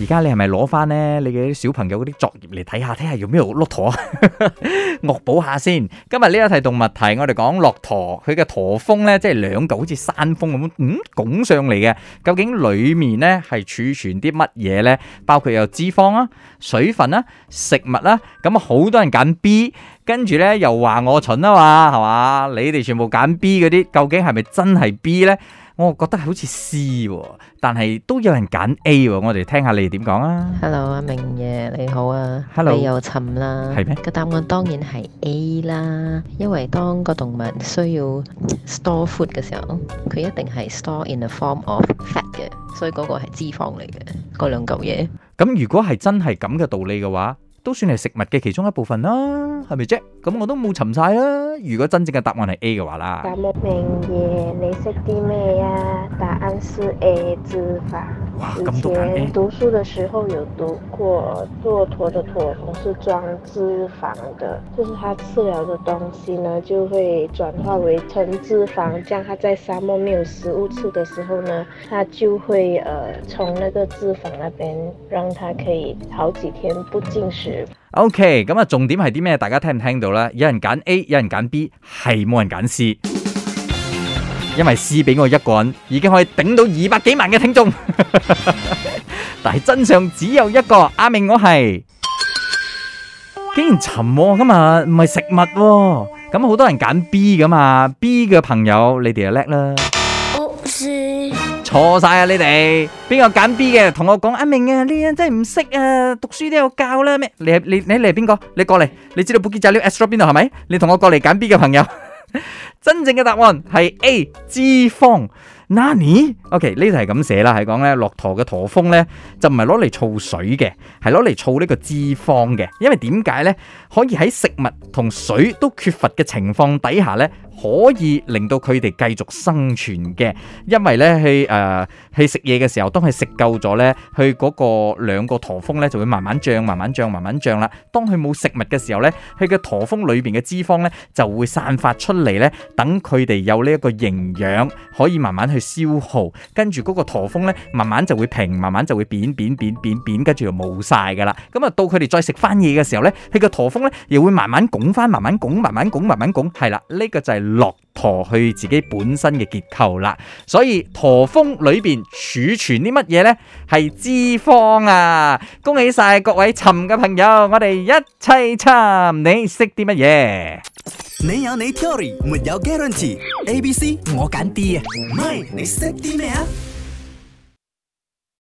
而家你係咪攞翻呢你嘅啲小朋友嗰啲作業嚟睇下，睇下有咩駱駝惡補下先？今日呢一題動物題，我哋講駱駝，佢嘅駝峰呢即係兩嚿好似山峰咁，嗯，拱上嚟嘅，究竟裏面呢係儲存啲乜嘢呢？包括有脂肪啊、水分啦、食物啦，咁啊好多人揀 B，跟住呢又話我蠢啊嘛，係嘛？你哋全部揀 B 嗰啲，究竟係咪真係 B 呢？我覺得好似 C，但係都有人揀 A，我哋聽下你點講啊！Hello，阿明爺你好啊！Hello，你又沉啦，係咩？個答案當然係 A 啦，因為當個動物需要 store food 嘅時候，佢一定係 store in the form of fat 嘅，所以嗰個係脂肪嚟嘅，嗰兩嚿嘢。咁如果係真係咁嘅道理嘅話。都算係食物嘅其中一部分啦，係咪啫？咁我都冇尋晒啦。如果真正嘅答案係 A 嘅話啦，大明爺，你識啲咩啊？答案是 A 脂肪。以前讀書的時候有讀過，駱駝的駝峰是裝脂肪的，就是它吃了的東西呢就會轉化為成脂肪，這樣它在沙漠沒有食物吃的時候呢，它就會呃從那個脂肪那邊讓它可以好幾天不進食。OK，咁啊重點係啲咩？大家聽唔聽到啦？有人揀 A，有人揀 B，係冇人揀 C。因為 C 俾我一個人已經可以頂到二百幾萬嘅聽眾，但係真相只有一個，阿明我係，竟然沉喎，今日唔係食物，咁好多人揀 B 噶嘛，B 嘅朋友你哋就叻啦，錯晒啊你哋，邊個揀 B 嘅同我講，阿明啊呢樣真係唔識啊，讀書都有教啦咩？你你你係邊個？你過嚟，你知道布吉仔料 Astro 邊度係咪？你同我過嚟揀 B 嘅朋友。真正嘅答案係 A 脂肪。Nanny，OK，呢度係咁寫啦，係講呢。駱駝嘅駝峰呢，就唔係攞嚟儲水嘅，係攞嚟儲呢個脂肪嘅。因為點解呢？可以喺食物同水都缺乏嘅情況底下呢，可以令到佢哋繼續生存嘅。因為呢，去誒去食嘢嘅時候，當佢食夠咗呢，佢嗰個兩個駝峰呢就會慢慢脹、慢慢脹、慢慢脹啦。當佢冇食物嘅時候呢，佢嘅駝峰裏邊嘅脂肪呢就會散發出嚟呢。等佢哋有呢一個營養，可以慢慢去消耗，跟住嗰個駝峰呢，慢慢就會平，慢慢就會扁扁扁扁扁，跟住就冇晒噶啦。咁啊，到佢哋再食翻嘢嘅時候呢，佢個駝峰呢，又會慢慢拱翻，慢慢拱，慢慢拱，慢慢拱，係啦，呢、這個就係落。駝去自己本身嘅結構啦，所以駝峰裏邊儲存啲乜嘢咧？係脂肪啊！恭喜晒各位尋嘅朋友，我哋一齊尋，你識啲乜嘢？你有你 theory，沒有 guarantee。A、B、C 我揀 D 啊，妹你識啲咩啊？